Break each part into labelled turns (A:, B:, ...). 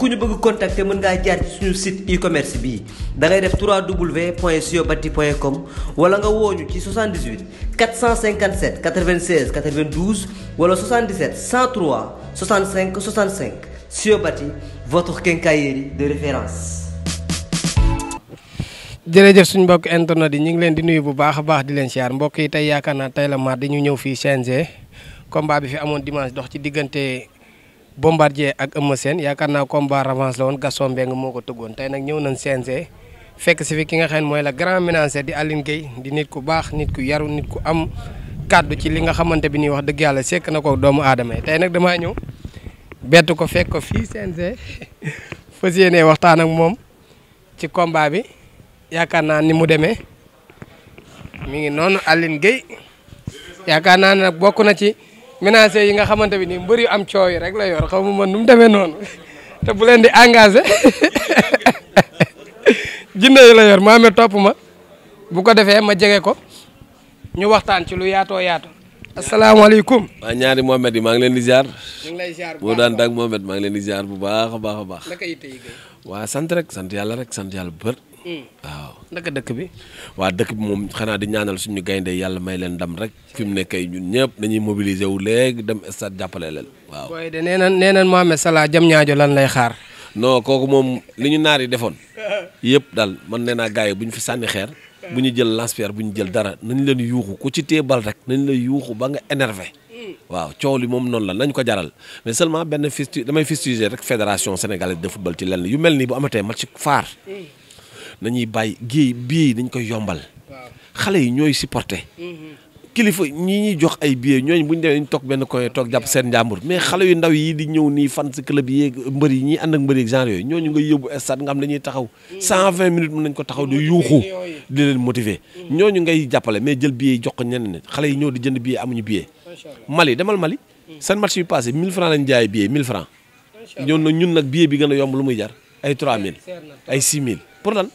A: ku ñu bëgg contacter mën ngaa jaar ci suñu site e-commerce bii da ngay def www.siobati.com wala nga wooñu ci 78 457 96 92 wala 77 103 65 65 Siobati votre quincaillerie de référence.
B: jërëjëf suñu mbokk internet yi ñu ngi leen di nuyu bu baax a baax di leen siyaar mbokk yi tey yaakaar naa tey la mardi ñu ñëw fii CNG combat bi fi amoon dimanche dox ci diggante. Bombardier ak Eumeu seen yaakaar naa combat revanche la woon Gaston Mbengue moo ko tëggoon tey nag ñëw nañ CNG fekk si fi ki nga xam ne mooy la grand ménager di Aline Gueye di nit ku baax nit ku yaru nit ku am kàddu ci li nga xamante bi ni wax dëgg yàlla sekk na ko doomu aadama yi tey nag dama ñëw bett ko fekk ko fii CNG fas yéenee waxtaan ak moom ci combat bi yaakaar naa ni mu demee mu ngi noonu Aline Gueye yaakaar naa ne nag bokk na ci. ménager yi nga xamante bi nii mbër yu am coow rek la yor xaw ma man nu mu demee noonu te bu leen di engagé jinne yi la yor maa amee topp ma bu ko defee ma jege ko ñu waxtaan ci lu yaatoo yaato asalaamaaleykum.
C: waa ñaari Mohamed yi maa ngi leen di ziar.
B: ñu ngi lay ziar bu baax
C: boo daan maa ngi leen di ziar bu baax a baax a baax. naka yi waa sant rek sant yàlla rek sant yàlla bu bër.
B: waaw
C: naka dëkk bi. waa dëkk bi moom xanaa di ñaanal suñu gaynde yàlla may leen ndam rek fi mu nekkee ñun ñëpp dañuy mobiliser wu léegi dem stade jàppale leen
B: waaw. booy de nee na nee na Mohamed Salah jam ñaajo lan lay xaar.
C: non kooku moom li ñu naar yi defoon yëpp daal man nee naa gars yi bu ñu fi sànni xeer bu ñu jël lance bu ñu jël dara nañ leen yuuxu ku ci téye bal rek yuuxu ba nga énervé waaw coow li moom noonu la nañ ko jaral mais benn fistu damay fistuger rek fédération sénégalaise de football ci lenn yu mel nii bu amatee match faar dañuy bàyyi gi bii dañ koy yombal xale yi ñooy supporter kilifa ñi ñuy jox ay billets ñooñu bu ñu demee ñu toog benn coin toog jàpp seen njàmbur mais xale yu ndaw yi di ñëw nii fan si club yi mbër yi ñiy ànd ak mbër yi genre yooyu nga yóbbu stade nga dañuy taxaw 120 minutes mën nañ ko taxaw di yuuxu di leen motiver ñooñu ngay jàppale mais jël billet yi jox ko ñenn ñi xale yi ñëw di jënd billet amuñu billet Mali demal Mali seen match yu passé 1000 francs lañ jaay billet 1000 francs ñoon na ñun nag billet bi gën a yomb lu muy jar ay 3000 ay mille pour lan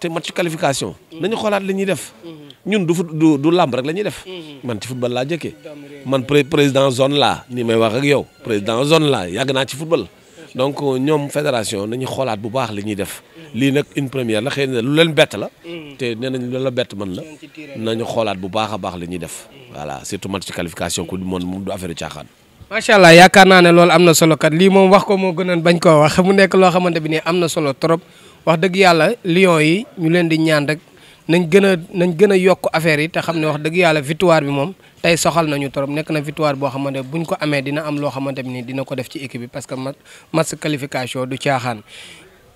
C: te match qualification. Mm-hmm. nañu xoolaat li ñuy def. Mm-hmm. ñun du fut du du làmb rek la ñuy def. Mm-hmm. man ci football laa jëkkee man président zone laa ni may wax ak yow président zone laa yàgg naa ci football. donc ñoom fédération nañu xolaat bu baax li ñuy def. lii nag une première la xëy na lu leen bett la. te nee nañ lu la bett man la nañu xoolaat bu baax a baax li ñuy def. voilà surtout match qualification ku moom moom du affaire caaxaan. macha allah
B: yaakaar naa ne loolu am na solo kat lii moom wax ko moo gënoon bañ koo wax mu nekk loo xamante bi nii am na solo trop. wax dëgg yàlla Lions yi ñu leen di ñaan rek nañ gën a nañ gën a yokk affaire yi te xam ne wax dëgg yàlla victoire bi moom tey soxal nañu trop nekk na victoire boo xamante bu ñu ko amee dina am loo xamante ni dina def ci équipe bi parce que match du caaxaan.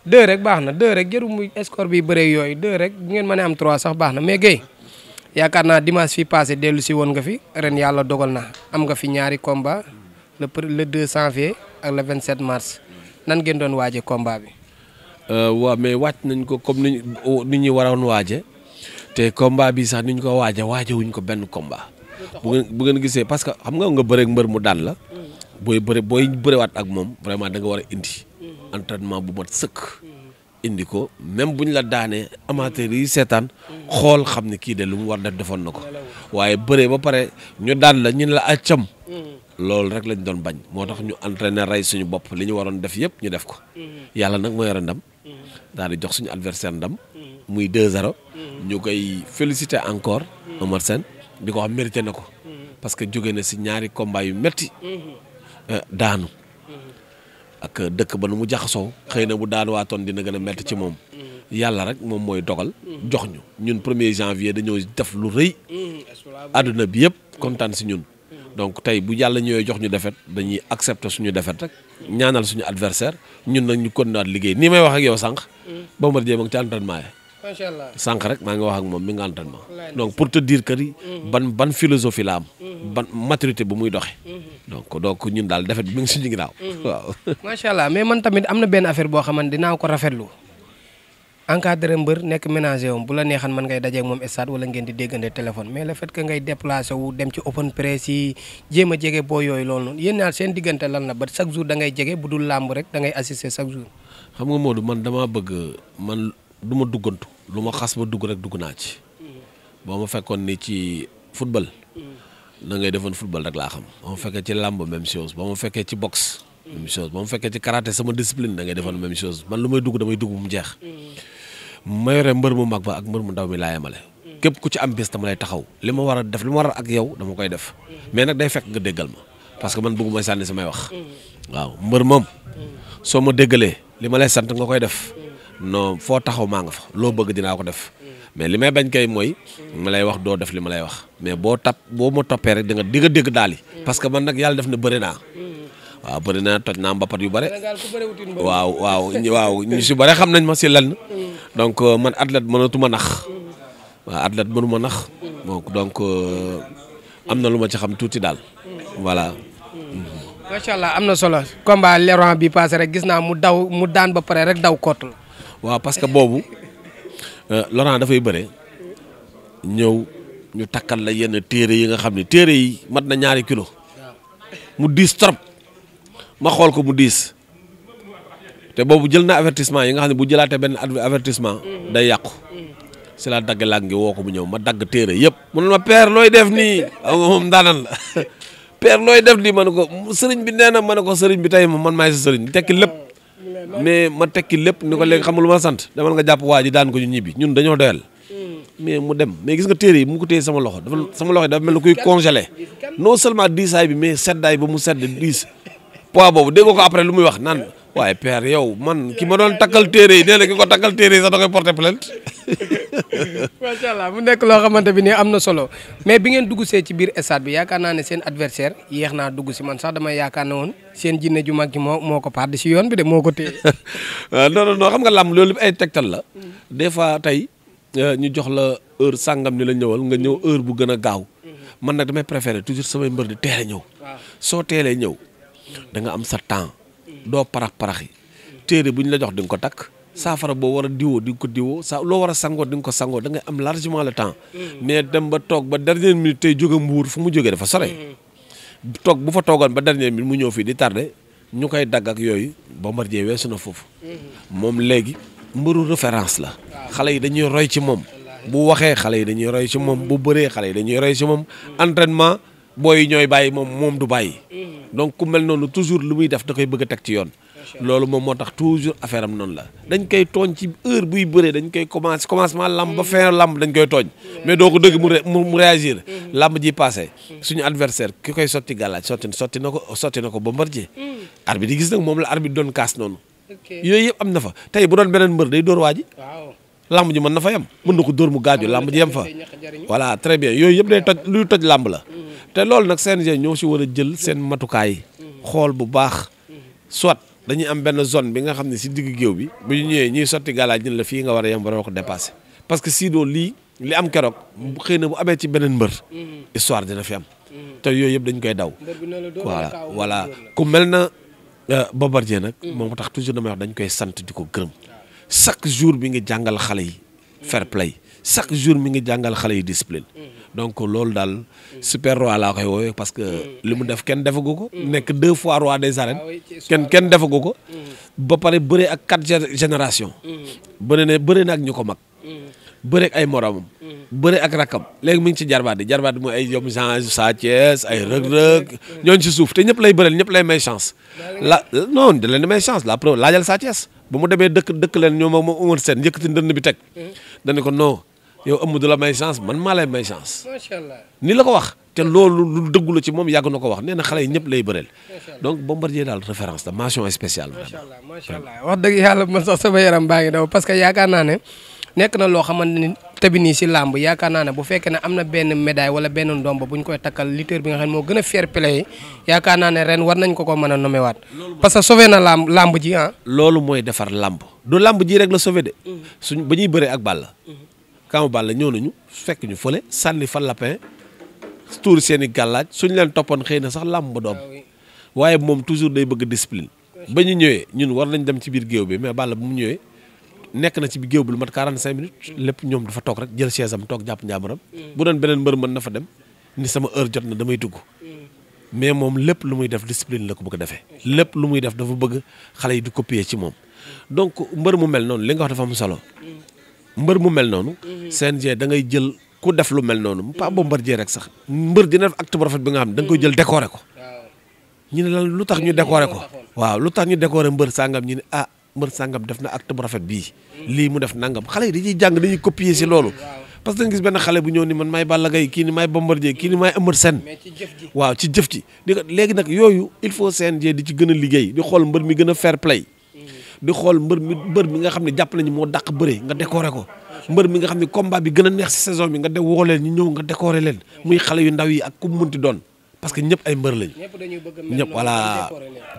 B: deux rek baax na deux rek muy score bi bëree yooyu deux rek ngeen mënee am trois sax baax na mais Guèye yaakaar naa dimanche fii passé dellu si woon nga fi ren yàlla dogal na am nga fi ñaari combat le le 2 vie ak le 27 mars nan ngeen doon waaje combat bi.
C: Euh, waaw mais wàcc nañ ko comme ni ni ñu waroon waaje te combat bi sax ni ñu ko waaje waaje wuñ ko benn combat. bu ngeen bu ngeen gisee parce que xam nga nga bëreeg mbër mu daan la. booy bëre booy bërewaat ak moom vraiment da nga war a indi. entraînement bu mat sëkk. indi ko même bu la daanee amateur yi seetaan xool xam ne kii de lu mu war defoon na ko waaye bëree ba pare ñu daan la ñu ne la accam loolu rek lañ doon bañ moo tax ñu entraîné rey suñu bopp li ñu waroon def yëpp ñu def ko yàlla nag moo yore ndam daal di jox suñu adversaire ndam. muy 2-0. ñu koy félicité encore. Omar Sène di ko wax mérité na ko. parce que jóge na si ñaari combat yu metti euh, daanu. ak dëkk ba nu mu jaxasoo. xëy na bu daanuwaatoon dina gën a metti ci moom. yàlla rek moom mooy dogal. jox ñu ñun premier janvier dañoo def lu rëy. àdduna bi yëpp kontaan si ñun. donc tey bu yàlla ñëwee jox ñu defet dañuy accepter suñu defet rek. ñaanal suñu adversaire ñun nag ñu continuer liggéey nii may wax ak yow sànq. Mm. Bombardier ma ngi ci entraînement yi.
B: macha allah sànq
C: rek maa ngi wax ak moom mi ngi entraînement. donc pour te dire que ni. Mm. ban ban philosophie la am. Mm. ban maturité bu muy doxe mm-hmm. donc donc ñun daal defet bi mi ngi suñu ginnaaw. Mm-hmm. waaw.
B: macha allah mais man tamit am na benn affaire boo xamante dinaa ko rafetlu. encadré mbër nekk ménager wam bu la neexan man ngay dajeek moom stade wala ngeen di déggante téléphone mais le fait que ngay déplacé wu dem ci open press yi jéem a jege boo yooyu loolu noonu yéen ñaar seen diggante lan la ba chaque jour da ngay jege bu dul làmb rek da ngay assister chaque jour.
C: xam nga Modou man damaa bëgg man du ma duggantu lu ma xas ba dugg rek dugg naa ci. boo ma fekkoon ni ci football. na defoon football rek laa xam. ba ma fekkee ci làmb même chose ba ma fekkee ci boxe. même chose ba ma fekkee ci karaté da ngay defoon même chose lu may dugg damay dugg bu mu jeex. ma yore mbër mu mag ba ak mbër mu ndaw mi laa yemale képp ku ci am bés dama lay taxaw li ma war a def li ma a ak yow dama koy def mais nag day fekk nga déggal ma parce que man bëgguma sànni samay wax waaw mbër moom soo ma déggalee li ma lay sant nga koy def non foo taxaw maa nga fa loo bëgg dinaa ko def mais li may bañ kay mooy ma lay wax doo def li ma lay wax mais boo tap boo ma toppee rek di nga dégg daal parce que man nag yàlla def na bëri naa waaw bëri na toj naa mbapat yu bare waaw waaw waaw ñu si bare xam nañ ma si lan mm. donc euh, man athlète mënatuma nax waaw athlète mënuma nax donc donc euh, am na lu ma ci xam tuuti daal mm. voilà mm.
B: Mm-hmm. macha am na solo combat Laurent bi passé rek gis naa mu daw mu daan ba pare rek daw kottu
C: waaw parce que boobu euh, Laurent dafay bëre ñëw ñu takkal la yenn téere yi nga xam ni téere yi mat na ñaari kilo mu diis trop ma xool ko mu diis te boobu jël na avertissement yi nga xam ne bu jëlaatee benn avertissement day yàqu si laa dagg laa ngi woo ko mu ñëw ma dagg téere yëpp mu ne ma père looy def nii aw la père looy def nii ma ne ko sëriñ bi nee na ma ne ko sëriñ bi tey man maay sa tekki lépp mais ma tekki lépp ni ko léegi xam ma sant demal nga jàpp waa ji daan ko ñu ñibbi ñun dañoo doyal mais mu dem mais gis nga téere yi mu ko téye sama loxo dafa sama loxo dafa mel ni kuy congelé non seulement diisaay bi mais seddaay ba mu sedd diis poids boobu dégg ko après lu muy wax naan waaye père yow man ki ma doon takkal téere yi nee la ki ko takkal téere yi sax da koy porter plainte.
B: nekk loo xamante bi ni am na solo mais bi ngeen dugg see ci biir stade bi yaakaar naa ne seen adversaire yéex naa dugg si man sax dama yaakaar ne woon seen jinne ju mag ji moo moo ko padd si yoon bi de moo ko téye. Ah, non non non xam nga ay
C: tegtal la. Mm. des fois tey euh, ñu jox la heure sàngam ni la ñëwal nga ñëw heure bu gën a gaaw. Mm. man nag damay préférer toujours samay mbër di teel a ñëw. Ah. soo teelee ñëw. da nga am sa temps doo parax paraxi téere bu ñu la jox di nga ko takk saafara boo war a diwoo di ko diwoo sa loo war a sangoo di nga ko sangoo da ngay am largement le temps mais dem ba toog ba dernière minute tey jóge mbuur fu mu jógee dafa sore toog bu fa toogoon ba dernière minute mu ñëw fii di tardé ñu koy dagg ak yooyu jee weesu na foofu moom léegi mbëru référence la xale yi dañuy roy ci moom bu waxee xale yi dañuy roy ci moom bu bëree xale yi dañuy roy moom entraînement booy ñooy bàyyi moom moom du bàyyi. Mm-hmm. donc ku mel noonu toujours lu muy def da koy bëgg a teg ci yoon. loolu moom moo tax toujours affaire am noonu la. dañ koy tooñ ci heure buy bëree dañ koy commencé commencement lamb ba mm-hmm. fin lamb dañ koy tooñ. mais doo ko dëgg mu mu réagir. Mm-hmm. lamb ji passé suñu adversaire ki koy sotti gàllaaj sotti sotti na ko sotti na ko ba mbar ji. Mm. arbitre di gis nag moom la arbitre doon kaas noonu. yooyu yëpp am na fa tey bu doon beneen mbër day dóor waa ji. lamb ji mën na fa yem mën na ko dóor mu gaaju lamb ji yem fa voilà très bien yooyu yëpp day toj luy toj lamb la te loolu nag CNG ñëw si war a jël seen matukaay xool bu baax soit dañuy am benn zone bi nga xam ne si digg géew bi bu ñëwee ñuy sotti galaaj ñun la fii nga war a yem waroo ko dépassé parce que sinon lii li am keroog xëy na bu amee ci beneen mbër histoire dina fi am te yooyu yëpp dañ koy daw voilà voilà ku mel na euh, Bombardier nag moom tax toujours damay dañ koy sant di ko gërëm chaque jour mi ngi jàngal xale yi fair play chaque jour mi ngi jàngal xale yi discipline donc loolu daal super roi laa koy woowee parce que li mu def kenn defagu ko nekk deux fois roi des arènes ah kenn kenn defagu ko mm. ba pare bëre ak quatre génération mm. bëre ne bëre na ak ñu ko mag mm. bëre ay moromam. Mm-hmm. bëre ak rakam léegi mi ngi ci jarbaat yi jarbaat mooy ay yom Jean Sa ay rëg-rëg ñooñu ci suuf te ñëpp lay bëreel ñëpp lay may chance. la may chance la preuve laajal Sa Thiès ba mu demee dëkk dëkk leen ñoo ak moom Umar Sène yëkkati ndënd bi teg. Mm-hmm. dañu ko non yow ëmm du la may chance macha allah ni la ko wax. te loolu lu dëggu la ci moom yàgg na ko wax nee na xale yi ñëpp lay bëreel donc Bombardier daal référence la mention spéciale. macha allah macha allah
B: wax dëgg yàlla man sax sama yaram baa daw parce que yaakaar naa ne. nekk na loo xamante ni tabi nii si làmb yaakaar naa ne bu fekkee ne am na benn médaille wala benn ndomb bu ñu koy takkal lutteur bi nga xam ne moo gën a fair play yaakaar naa ne ren war nañ ko ko mën a nommewaat
C: parce que na làmb làmb ji ah. loolu mooy defar làmb du làmb ji rek la sauvé de. Mm-hmm. suñ ba ñuy bëree ak Balla. Mm-hmm. Kaamu Balla ñëw nañu fekk ñu fële sànni fa lapin tuur seen i gàllaaj suñ leen toppoon xëy na sax làmb ba doom ah waaye moom toujours day bëgg discipline ba ñu ñëwee ñun war nañ dem ci biir géew bi mais Balla bu mu ñëwee. nekk na ci bi géew bi lu mat 45 minutes lépp ñoom dafa toog rek jël chaise am toog jàpp njaamuram. bu doon beneen mbër mën na fa dem ni sama heure jot na damay dugg. mais moom lépp lu muy def discipline la ko bëgg defee. lépp lu muy def dafa bëgg xale yi di copier ci moom. donc mbër mu mel noonu li nga wax dafa am solo. mbër mu mel noonu. CNG da ngay jël ku def lu mel noonu. pas bombardier rek sax. mbër dina def acte bu rafet bi nga xam ne da nga koy jël décorer ko. ñu ne lan lu tax ñu décorer ko. mbër sàngam def na acte bu rafet bii lii mu def nangam xale yi dañuy jàng dañuy copier si loolu parce que dañu gis benn xale bu ñëw ni man may Balla gay kii ni maay Bombardier kii ni maay Eumeu Sène waaw ci jëf ji di léegi nag yooyu il faut CNG di ci gën a liggéey di xool mbër mi gën a fair play di xool mbër mi mbër mi nga xam ne jàpp nañu moo dàq bëre nga décorer ko mbër mi nga xam ne combat bi gën a neex si saison bi nga de woo leen ñu ñëw nga décorer leen muy xale yu ndaw yi ak ku mu munti doon parce que ñëpp ay mbër lañu. ñëpp voilà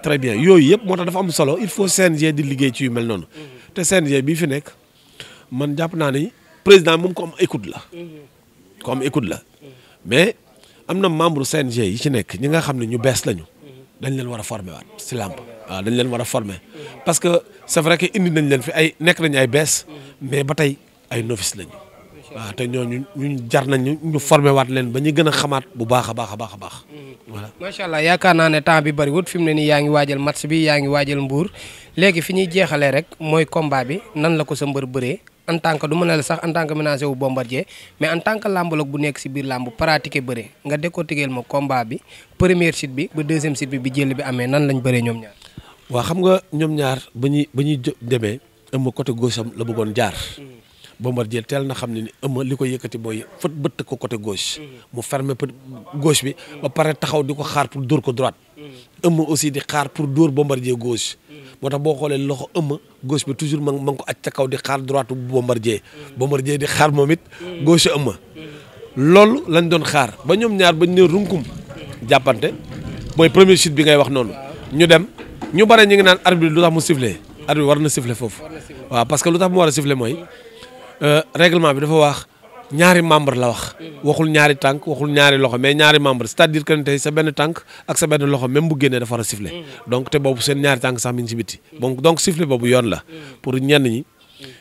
C: très bien yooyu yëpp moo tax dafa am solo il faut CNG di liggéey ci yu mel noonu. Mhm. te CNG bii fi nekk man jàpp naa ni président moom comme am écoute la. Mhm. ko am la mais am na membre CNG yi ci nekk ñi nga xam ne ñu bees lañu. Mhm. dañ leen war a former waat si làmb dañ leen war a former parce que c'est vrai que indi nañ leen fi ay nekk nañu ay bees mais ba tey ay novice lañu. waaw te ñooñu ñu jar nañ ñu formé waat leen ba ñu gën a xamaat bu baax a baax a baax a baax. Mm-hmm. voilà
B: macha allah yaakaar naa ne temps bi bëriwut fi mu ne nii yaa ngi waajal match bi yaa ngi waajal mbuur léegi fi ñuy jeexale rek mooy combat bi nan la ko sa mbër bëree en tant que du ma ne sax en tant que wu bombardier mais en tant que lambologue bu nekk si biir làmb pratiquer bëre nga décortiquer ma combat bi première site bi ba deuxième site bi bi jël bi amee nan lañ bëree ñoom ñaar.
C: waa xam nga ñoom ñaar ba ñuy ba ñuy demee ëmb côté gauche am la bëggoon jaar. Mm-hmm. Bombardier teel na xam ne ni ëmma li ko yëkkati mooy fët bëtt ko côté gauche. mu fermer peut gauche bi. ba pare taxaw di ko xaar pour dóor ko droite. ëmma aussi di xaar pour dóor Bombardier gauche. moo tax boo xoolee loxo ëmma gauche bi toujours ma ma ko aj ca kaw di xaar droite bu Bombardier. Bombardier di xaar moom it. gauche ëmma. loolu lañ doon xaar ba ñoom ñaar bañ ne runkum. jàppante mooy premier chute bi ngay wax noonu. ñu dem ñu bare ñu ngi naan arbitre lu tax mu sifflé. arbitre war na sifflé foofu. waaw parce que lu tax mu war a sifflé mooy. Euh, règlement bi dafa wax ñaari membre la wax waxul ñaari tànk waxul ñaari loxo mais ñaari membre c'est-à-dire tey sa benn tànk ak sa benn loxo même bu génnee dafa war a siffler mm. donc te boobu seen ñaari tànk sax mi ngi si donc donc boobu yoon la mm. pour ñenn ñi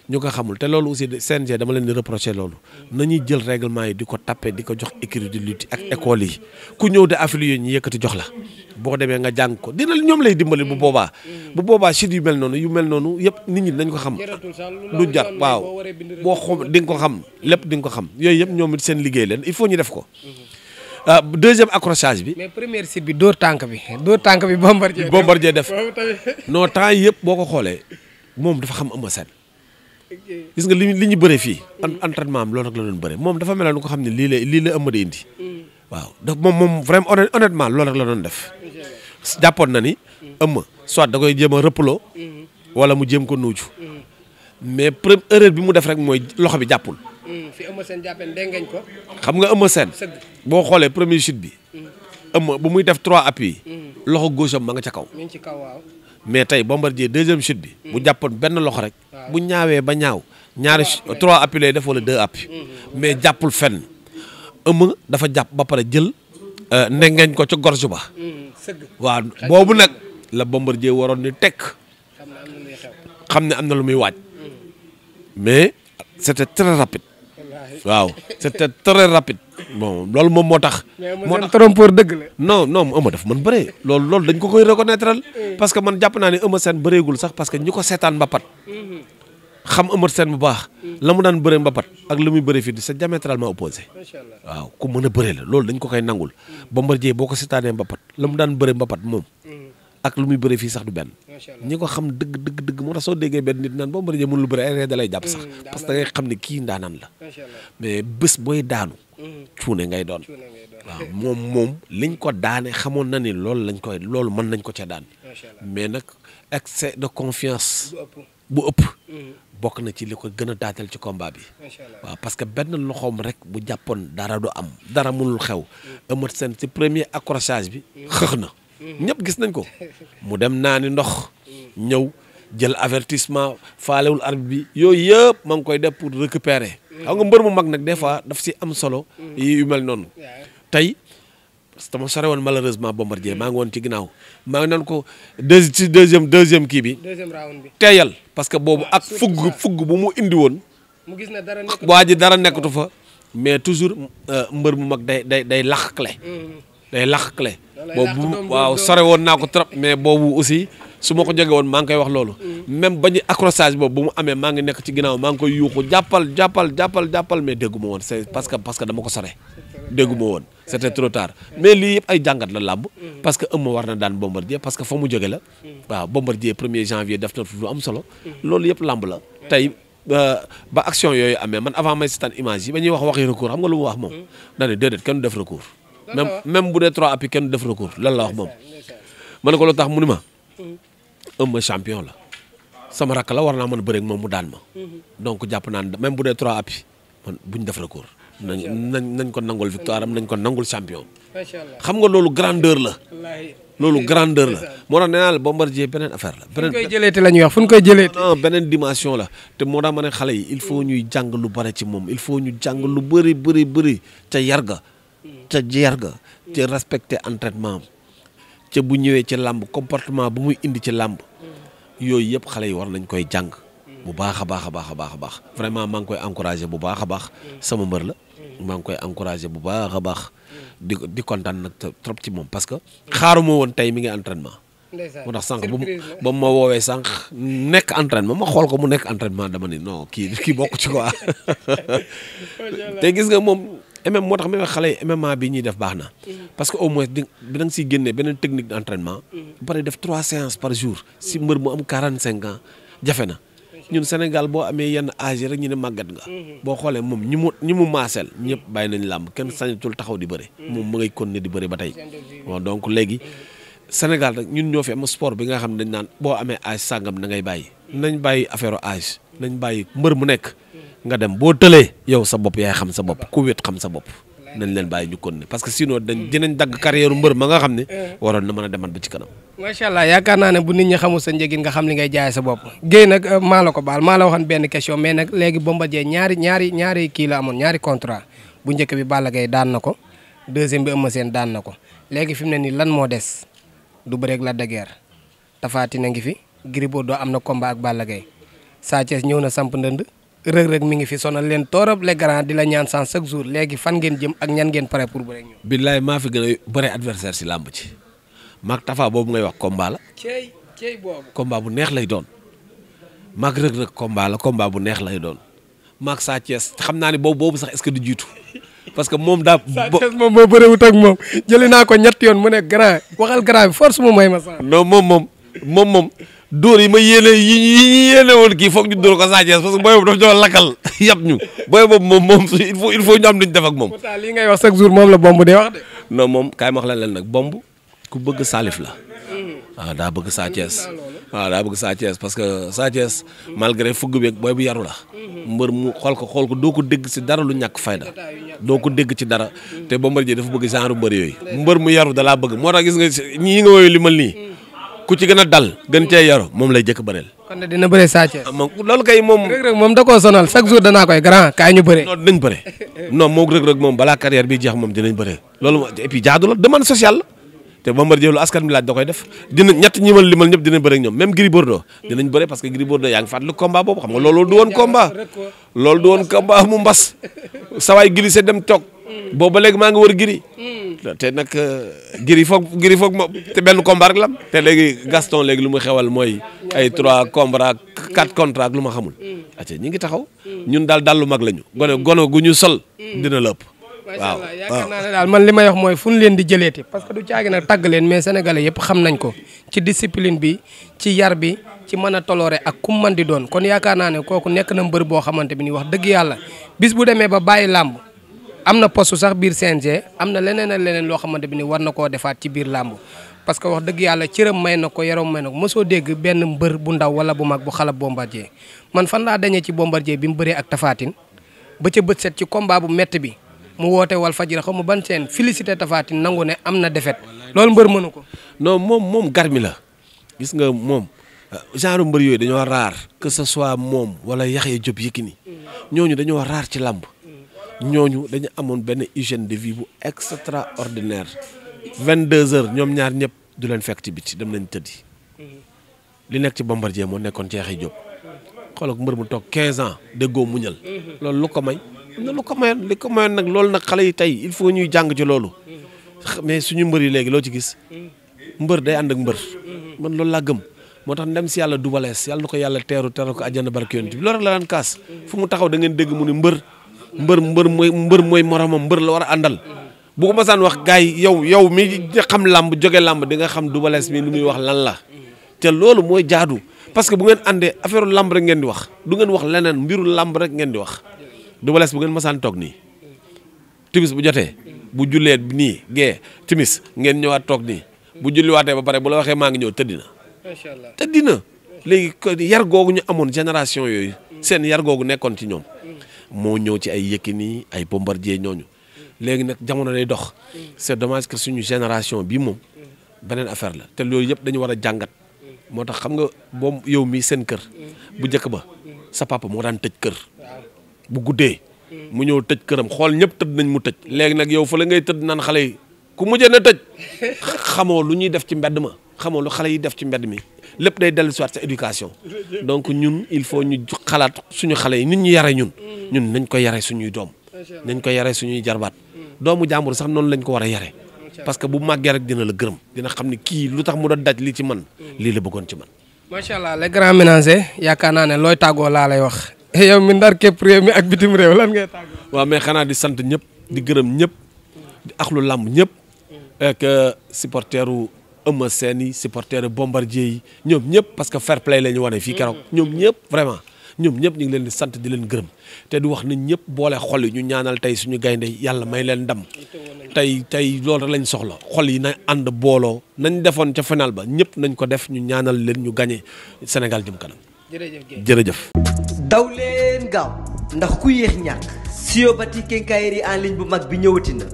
C: ñu ko xamul te loolu aussi CNG dama leen di reprocher loolu nañuy jël règlement yi di ko tappe di ko jox écurie de lutte ak école yi ku ñëw de affilié ñu yëkkati jox la boo demee nga jàng ko dina ñoom lay dimbali bu boobaa bu boobaa chute yu mel noonu yu mel noonu yëpp nit ñi nañ ko xam
B: du jar waaw boo xam
C: di ko xam lépp di nga ko xam yooyu yëpp ñoom it seen liggéey leen il faut ñu def ko ah deuxième accrochage bi. mais première bi dóor tànk bi dóor tànk bi bombardier. bombardier def yëpp boo ko xoolee moom dafa xam Eumeu gis nga li li ñu bëre fii. entraînement am loolu rek la doon bëre moom dafa mel ni ko xam ne lii la lii la indi. waaw daf moom moom vraiment honnêtement loolu la doon def. jàppoon na ni. ëmb soit da koy jéem a rëppaloo. wala mu jéem ko nuuju. mais première erreur bi mu def rek mooy loxo bi jàppul.
B: fi ëmb seen jàppee ndengeñ xam nga ëmb seen.
C: boo xoolee premier chute bi. ëmb mm. bu muy def trois appuis. Mm. loxo gauche am ma nga ca kaw. ci kaw waaw. mais tey Bombardier deuxième chute bi. bu mm. jàppoon benn loxo rek. bu ñaawee ba ñaaw ñaari trois appui lay def wala deux appui. Mm-hmm. mais jàppul fenn ëmm dafa jàpp ba pare jël. Euh, ndengeñ ko ca gorge ba. Mm-hmm. waa boobu nag la Bombardier waroon ni tekk xam ne am na lu muy waaj mm-hmm. mais c'était très rapide. waaw c'était très rapide bon loolu moom moo tax. moo tax trompeur dëgg la. non non Eumeu dafa mën bëree loolu dañ ko koy reconnaître eh. parce que man jàpp naa ne Eumeu Sène bëreegul sax parce que ñi ko seetaan mbapat mhm. xam Eumeu Sène bu baax. Mhm. la mu daan bëree mbapat ak li muy bëree fii c'est diamétralement opposé. waaw ku mën a bëree la loolu dañ ko koy nangul. Mm. Bombardier boo ko seetaanee mbapat la mu daan bëree mbapat moom. Mm. ak lu muy bëre fii sax du benn ñi ko xam dëgg dëgg dëgg moo tax soo déggee benn nit naan Bombardier mënul bëre ay ree da lay jàpp sax mm, parce que da ngay xam ne kii ndaanaan la mais bés booy daanu mm-hmm. cuune ngay doon waaw moom moom liñ ko daane xamoon na ni loolu lañ koy loolu mën nañ ko ca daan mais nag excès de confiance bu ëpp mm-hmm. bokk na ci li ko gën a daatal ci combat bi waaw parce que benn loxoom rek bu jàppoon dara du am dara mënul xew mm-hmm. Eumeu Sène ci premier accrochage bi xëx na ñëpp gis nañ ko mu dem naani ndox ñëw jël avertissement faalewul arbitre bi yooyu yëpp ma ngi koy def pour récupérer xam nga mbër mu mag nag des fois daf si am solo yu mel noonu tey parce que ma sore woon malheureusement Bombardier maa ngi woon ci ginnaaw maa ngi naan ko deuxi ci deuxième deuxième kii bi teeyal parce que boobu ak fugg fugg bu mu indi woon waa ji dara nekkatu fa mais toujours euh, mbër mu mag day day day lax mm-hmm. day lax clé boobu waaw sore woon naa ko trop mais boobu aussi su ma ko jóge woon maa ngi koy wax loolu mm. même bañu accrochage boobu mu amee maa ngi nekk ci ginnaaw maa ngi koy yuuxu jàppal jàppal jàppal mais déggu woon c'est parce ko sore déggu ma woon c'était trop tard mais lii yëpp ay jàngat la làmb mm. parce que Eumeu war na daan Bombardier parce que fa mu jóge la mm. waaw Bombardier premier janvier def na lu am solo loolu yëpp làmb la tey ba action yooyu amee man avant yi ba ñuy wax waxi même même bu dee trois appuis kenn def recours lan la wax moom. ma ne ko lu tax mu ni ma ëmb mhm. champion la sama rakk la war naa mën a moom mu daan ma. Mhm. donc jàpp naa ne même bu dee trois appuis man buñ def recours. nañ nañ ko nangul victoire am nañ ko nangul champion.
B: xam nga loolu grandeur la. loolu
C: grandeur la moo tax nee naa la Bombardier beneen affaire la. beneen fu la ñuy wax fu koy jëleete. non beneen dimension la te moo tax man ne xale yi il faut ñuy jàng lu bare ci moom il faut ñu jàng lu bëri bëri bëri ca yarga ca jeer ga ca respecter entraînement am ca bu ñëwee ci làmb comportement bu muy indi ci làmb yooyu yëpp xale yi war nañ koy jàng bu baax a baax a baax a baax a baax vraiment maa ngi koy encouragé bu baax a baax sama mbër la maa ngi koy encouragé bu baax a baax di di kontaan nag trop ci moom parce que xaaruma woon tey mi ngi entraînement moo tax sànq bu ba ma woowee sànq nekk entraînement ma xool ko mu nekk entraînement dama ni non kii kii bokk ci quoi te gis nga moom MM moo tax même xale yi MMA bi ñuy def baax na. parce que au moins di da nga siy génne beneen technique d' entraînement. Mm-hmm. ba pare def trois séances par jour. si mbër mu am quarante cinq ans jafe na. ñun Sénégal boo amee yenn âge rek ñu ne màgget nga. Mm-hmm. boo xoolee moom ñi mu ñi mu maaseel ñëpp bàyyi nañ làmb kenn mm-hmm. sañatul taxaw di bëri. moom mu ngay ne di bëri ba tey. bon donc léegi Sénégal rek ñun ñoo fi am sport bi nga xam ne naan boo amee âge sàngam na bàyyi. nañ bàyyi affaire âge. nañ bàyyi mbër mu nekk. nga dem boo tëlee yow sa bopp yaay xam sa bopp ku xam sa bopp nañ leen bàyyi ñu kon ne parce que sinon dañ dinañ dagg carrière mbër ma nga xam ne waroon na mën a demaat ba ci kanam
B: macha allah yaakaar naa ne bu nit ñi xamul sa njëgin nga xam li ngay jaay sa bopp géy nag euh, maa la ko baal maa la waxoon benn question mais nag léegi Bombardier ñaari ñaari ñaari kii la amoon ñaari contrat bu njëkk bi Balla Gaye daan na ko deuxième bi Eumeu seen daan na ko léegi fi mu ne nii lan moo des du bëreeg Lac de Guiers Tapha ngi fi Gris Bordeaux am na combat ak Balla Gaye ñëw na samp ndënd rëg-rëg mi ngi fi sonal leen torop le grands di la ñaan sans chaque jour léegi fan ngeen jëm ak ñan ngeen pare pour bëre ñu
C: billaay maa fi gën a bëre adversaire si làmb ci maag tafa boobu ngay wax combat la
B: cey cey boobu
C: combat bu neex lay doon maag rëg-rëg combat la bu neex lay doon maag Sa Thiès xam naa ne boobu boobu sax est-ce que du jiitu parce que moom daa. Sa Thiès moom moo bëriwut ak ko ñett yoon mu ne grand waxal grand bi force mu may ma. non moom moom moom moom dóor yi ma yéene yi ñu yéene woon kii foog ñu dóor ko Sa Thiès parce que booy boobu daf ñoo lakkal yab ñu booy boobu moom moom il faut il faut ñu am lu ñu def ak moom. pourtant
B: ngay wax chaque jour moom la bomb day wax
C: de. moom kaay ma wax la leen nag bomb ku bëgg Salif la waaw ah, daa bëgg Sa Thiès waaw ah, bëgg Sa parce que Sa Thiès malgré fugg beeg booy bu yaru la mbër mu xool ko xool ko doo ko dégg si dara lu ñàkk fayda doo ko dégg ci dara te Bombardier dafa bëgg genre mbër yooyu mbër mu yaru dalaa bëgg moo tax gis nga ñii nga woyu li mal nii ku ci gën a dal gën cee yaru moom lay jëkk bëreel.
B: kon de dina bëree Sa ah, moom kay moom. Reug Reug moom da koo sonal chaque jour danaa koy grand kaay ñu bëree.
C: non dinañ bëree non moom bala Reug moom balaa carrière bi jeex moom dinañ bëree loolu et puis jaadu la demande sociale la. te Bombardier lu askan bi laaj da koy def dina ñett ñi ma limal ñëpp dinañ bëre ak ñoom même Gris Bordeaux dinañ bëre parce que Gris Bordeaux yaa ngi fàttali combat boobu xam nga loolu du woon combat loolu du woon combat mu mbas sawaay glissé dem toog boobu ba léegi maa ngi wër Gris te nag euh, Gris foog Gris foog ma te benn combat rek lam te léegi Gaston léegi lu mu xewal mooy ay trois combats quatre contrats lu ma xamul aca ñi ngi taxaw ñun daal daal lu mag lañu gone gono gu ñu sol dina la ëpp macha allah
B: ah. yaakaar naa ne daal man li may wax mooy fu ñu leen di jëleeti parce que du caagi nag tàgg leen mais sénégalais yëpp xam nañ ko ci discipline bi ci yar bi ci mën a toloore ak ku man di doon kon yaakaar naa ne kooku nekk na mbër boo xamante bi ni wax dëgg yàlla bis bu demee ba bàyyi làmb am na poste sax biir CNG am na leneen ak leneen loo xamante bi ni war na koo defaat ci biir làmb parce que wax dëgg yàlla cëram may na ko yaram may na mosoo dégg benn mbër bu ndaw wala bu mag bu xalab bombardier man fan laa dañee ci bombardier bi mu bëree ak tafaatin ba ca bët ci combat bu métti bi mu woote wal fajira xaw ma ban seen félicité Tapha Tine nangu ne am na défaite loolu mbër mënu ko. non moom moom garmi la
C: gis nga moom genre mbër yooyu dañoo raar que ce soit moom wala Yaxya Diop ni ñooñu dañoo raar ci làmb ñooñu dañu amoon benn hygiène de vie bu extraordinaire 22 heures ñoom ñaar ñëpp du leen fekk ci bi ci dem nañ tëddi mm-hmm. li nekk ci Bombardier moo nekkoon ci Yaxya Diop xoolal mbër mu toog quinze ans déggoo muñal loolu lu ko may na lu ko mayoon li ko nag loolu nag xale yi tey il faut ñuy jàng ci loolu mais suñu mbër yi léegi loo ci gis mbër day ànd ak mbër man loolu laa gëm moo tax ndem si yàlla dubalees yàlla na ko yàlla teeru teeru ko àjjana barke yonent bi loolu rek la kaas mu taxaw da ngeen dégg mu ne mbër mbër mbër mooy mbër mooy moromam mbër la war a àndal bu ko masaan wax gars yi yow yow mi xam làmb jóge làmb di nga xam dubalees mi li muy wax lan la te loolu mooy jaadu parce que bu ngeen àndee affaire làmb rek ngeen di wax du ngeen wax leneen mbiru lamb rek ngeen di wax Double Less bu ngeen masaan toog nii timis bu jotee bu jullee nii gee timis ngeen ñëwaat toog nii bu julliwaatee ba pare bu la waxee maa ngi ñëw tëddi na. macha allah na léegi yar googu ñu amoon génération yooyu seen yar googu nekkoon ci ñoom moo ñëw ci ay Yékini ay Bombardier ñooñu léegi nag jamono day dox mm. c'est dommage que suñu génération bi moom beneen affaire la te loolu yëpp dañu war a jàngat. moo tax xam nga boo yow mii seen kër bu njëkk ba sa papa moo daan tëj kër bu guddee mu ñëw tëj këram xool ñëpp tëdd nañ mu tëj léegi nag yow fa la ngay tëdd naan xale yi ku mujjee na tëj xamoo lu ñuy def ci mbedd ma xamoo lu xale yi def ci mbedd mi lépp day dellu siwaat sa éducation donc ñun il faut ñu xalaat suñu xale yi nit ñu yare ñun ñun nañ ko yare suñuy doom nañ ko yare suñuy jarbaat doomu jàmbur sax noonu lañ ko war a yare parce que bu màggee rek dina la gërëm dina xam ni kii lu tax mu doon daj lii ci man lii la bëggoon ci man.
B: macha allah les grands ménages yaakaar naa ne looy tàggoo laa lay wax. yow mi ndar képp réew mi ak bitim réew lan ngay tàggoo.
C: waaw mais xanaa di sant ñëpp di gërëm ñëpp di axlu làmb ñëpp ak euh, supporteru Eumeu Sène yi supporteru Bombardier yi ñoom ñëpp parce que fair play la ñu wane fii keroog ñoom ñëpp vraiment. ñoom ñëpp ñu ngi leen di sant di leen gërëm te du wax nañ ñëpp boole xol yi ñu ñaanal tey suñu gaynde yàlla may leen dam tey tey loolu rek lañ soxla xol yi na ànd booloo nañ defoon ca final ba ñëpp nañ ko def ñu ñaanal leen ñu gañe Sénégal jëm kanam. jërëjëf jërëjëf.
A: daw leen gaaw ndax ku yéex ñàkk siyobati kenkaayeri en ligne bu mag bi ñëwati na.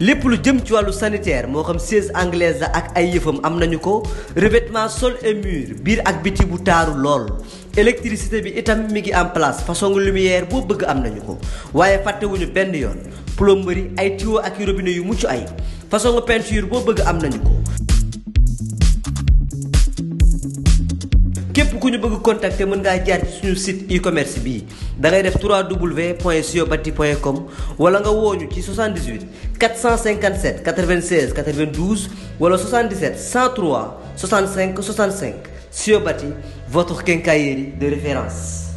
A: lépp lu jëm ci wàllu sanitaire moo xam siège anglaise la ak ay yëfam am nañu ko revêtement sol et biir ak biti bu taaru lool électricité bi itam mi ngi en place façon lumière boo bëgg am nañu ko waaye fàttewuñu benn yoon plomberie ay tuyaux ak yu yu mucc ay façon peinture boo bëgg am nañu ko. képp ku ñu bëgg contacter mën ngaa jaar ci suñu site e-commerce bii da ngay def 3w point siobati point com wala nga wooñu ci 78 457 96 92 wala 77 103 65 65. Siobati, votre quincaillerie de référence.